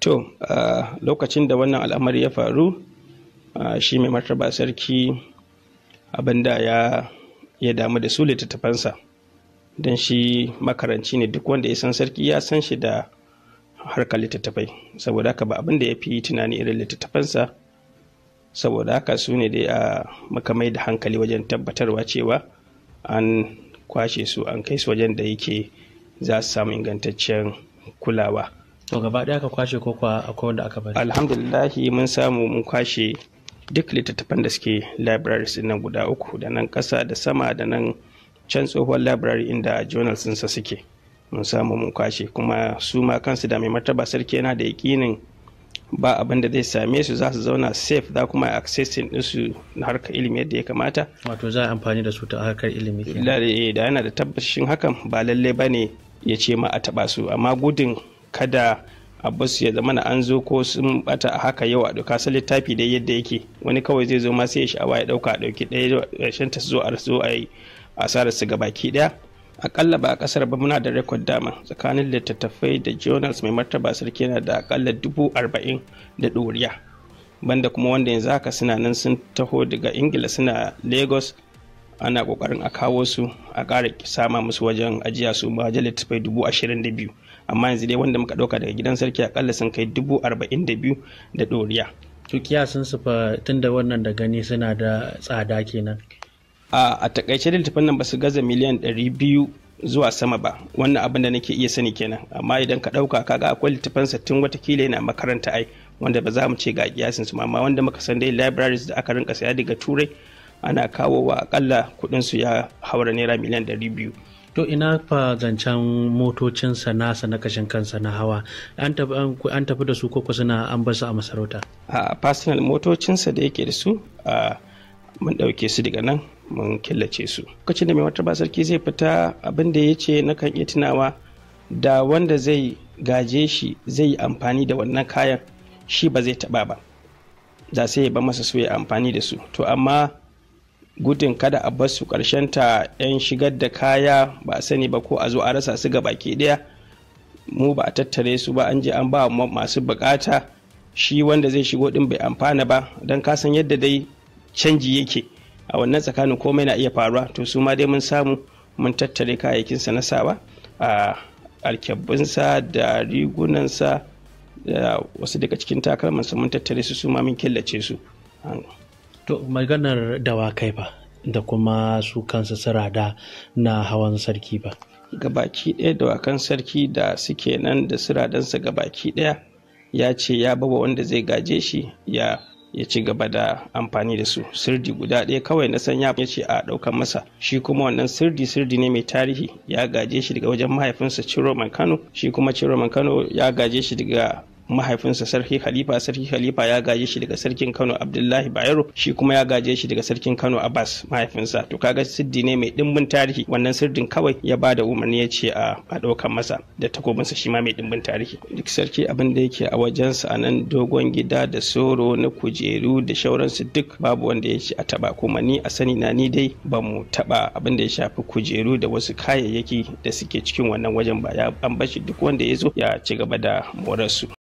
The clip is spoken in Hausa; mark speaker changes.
Speaker 1: to lokacin da wannan al'amari ya faru shi mai martaba sarki abinda ya ya damu da su littattafansa don shi makaranci ne duk wanda ya san sarki ya san shi da harkar littattafai saboda haka ba abin da ya fi tunani irin littattafansa saboda haka su ne dai a makamai da hankali wajen tabbatarwa cewa an kwashe su an kai su wajen da yake za su samu ingantaccen kulawa to gaba ɗaya ka kwashe ko a akwai wanda aka bari alhamdulillah mun samu mun kwashe duk littattafan da suke libraries nan guda uku da nan ƙasa da sama da nan can tsohuwar library inda journals sa suke mun samu mun kwashe kuma su ma kansu da mai martaba sarki yana da yakinin ba abin da zai same su za su zauna safe za kuma accessing ɗinsu na harkar ilimi yadda ya kamata wato za a amfani da su ta harkar ilimi eh, da yana da tabbashin hakan ba lallai ba ne ya ce ma a taba su amma gudun kada a bus ya zama na an zo ko sun bata a haka yau a doka sai littafi da yadda yake wani kawai zai zo ma sai ya sha'awa ya dauka dauki ɗaya ƙarshen ta zo a zo a yi asarar su gabaki ɗaya akalla ba a kasar ba muna da rekod dama tsakanin littattafai da journals mai martaba sarki yana da akalla dubu arba'in da ɗoriya banda kuma wanda yanzu haka suna nan sun taho daga ingila suna lagos ana kokarin a kawo su a ƙara sama musu wajen ajiya su ba jale ta dubu ashirin da biyu amma yanzu dai wanda muka ɗauka daga gidan sarki akalla sun kai dubu arba'in da biyu da ɗoriya. to sun su fa tun da wannan da gani suna da tsada kenan. a takaice da littafin nan ba su gaza miliyan ɗari biyu zuwa sama ba wannan abin da nake iya sani kenan amma idan ka ɗauka kaga akwai littafan sattin watakila yana makaranta ai wanda ba za mu ce ga kiyasin su amma wanda muka san dai libraries da aka rinka saya daga turai ana kawowa akalla kuɗin su ya haura naira miliyan ɗari biyu
Speaker 2: to ina fa zancen motocin nasa na kashin kansa na hawa an tafi da su kusa na an basu a masarauta
Speaker 1: a personal motocinsa da yake da su a mun ɗauke su daga nan mun killace su lokacin da mai ba sarki zai fita abin da ya ce na kan iya tunawa da wanda zai gaje shi zai yi amfani da wannan kayan shi ba zai taɓa ba za sai ya ba masa su ya amfani da su to amma gudun kada a su karshen ta 'yan shigar da kaya ba a sani ba ko a zo a rasa su ga baki ɗaya mu ba a tattare su ba an je an ba masu bukata shi wanda zai shigo din bai amfana ba don kasan yadda dai canji yake a wannan tsakanin komai na iya faruwa to su ma dai mun samu mun tattare kayayyakinsa na sawa a alkyabbinsa da rigunansa da wasu daga cikin takalmansa mun tattare su su ma mun killace su
Speaker 2: To maganar dawakai ba da kuma su kansu sirada na hawan sarki ba.
Speaker 1: Gabaki ɗaya dawakan sarki da suke nan da siradansa gabaki ɗaya ya ce ya baba wanda zai gaje shi ya ya ci gaba da amfani da su sirdi guda ɗaya kawai na san ya ce a ɗaukan masa shi kuma wannan sirdi sirdi ne mai tarihi ya gaje shi daga wajen mahaifinsa Ciro Kano shi kuma Ciro Kano ya gaje shi daga mahaifinsa sarki khalifa sarki khalifa ya gaje shi daga sarkin kano abdullahi bayero shi kuma ya gaje shi daga sarkin kano abbas mahaifinsa to kaga siddi ne mai dimbin tarihi wannan sirdin kawai ya ba da umarni ya ce a ɗaukan masa da takobinsa shi ma mai dimbin tarihi duk sarki abin da yake a wajensa a nan dogon gida da soro na kujeru da shauransu duk babu wanda ya ce a taba kuma ni a sani na ni dai ba mu taba abin da ya shafi kujeru da wasu kayayyaki da suke cikin wannan wajen ba ya an bashi duk wanda ya zo ya ci gaba da morarsu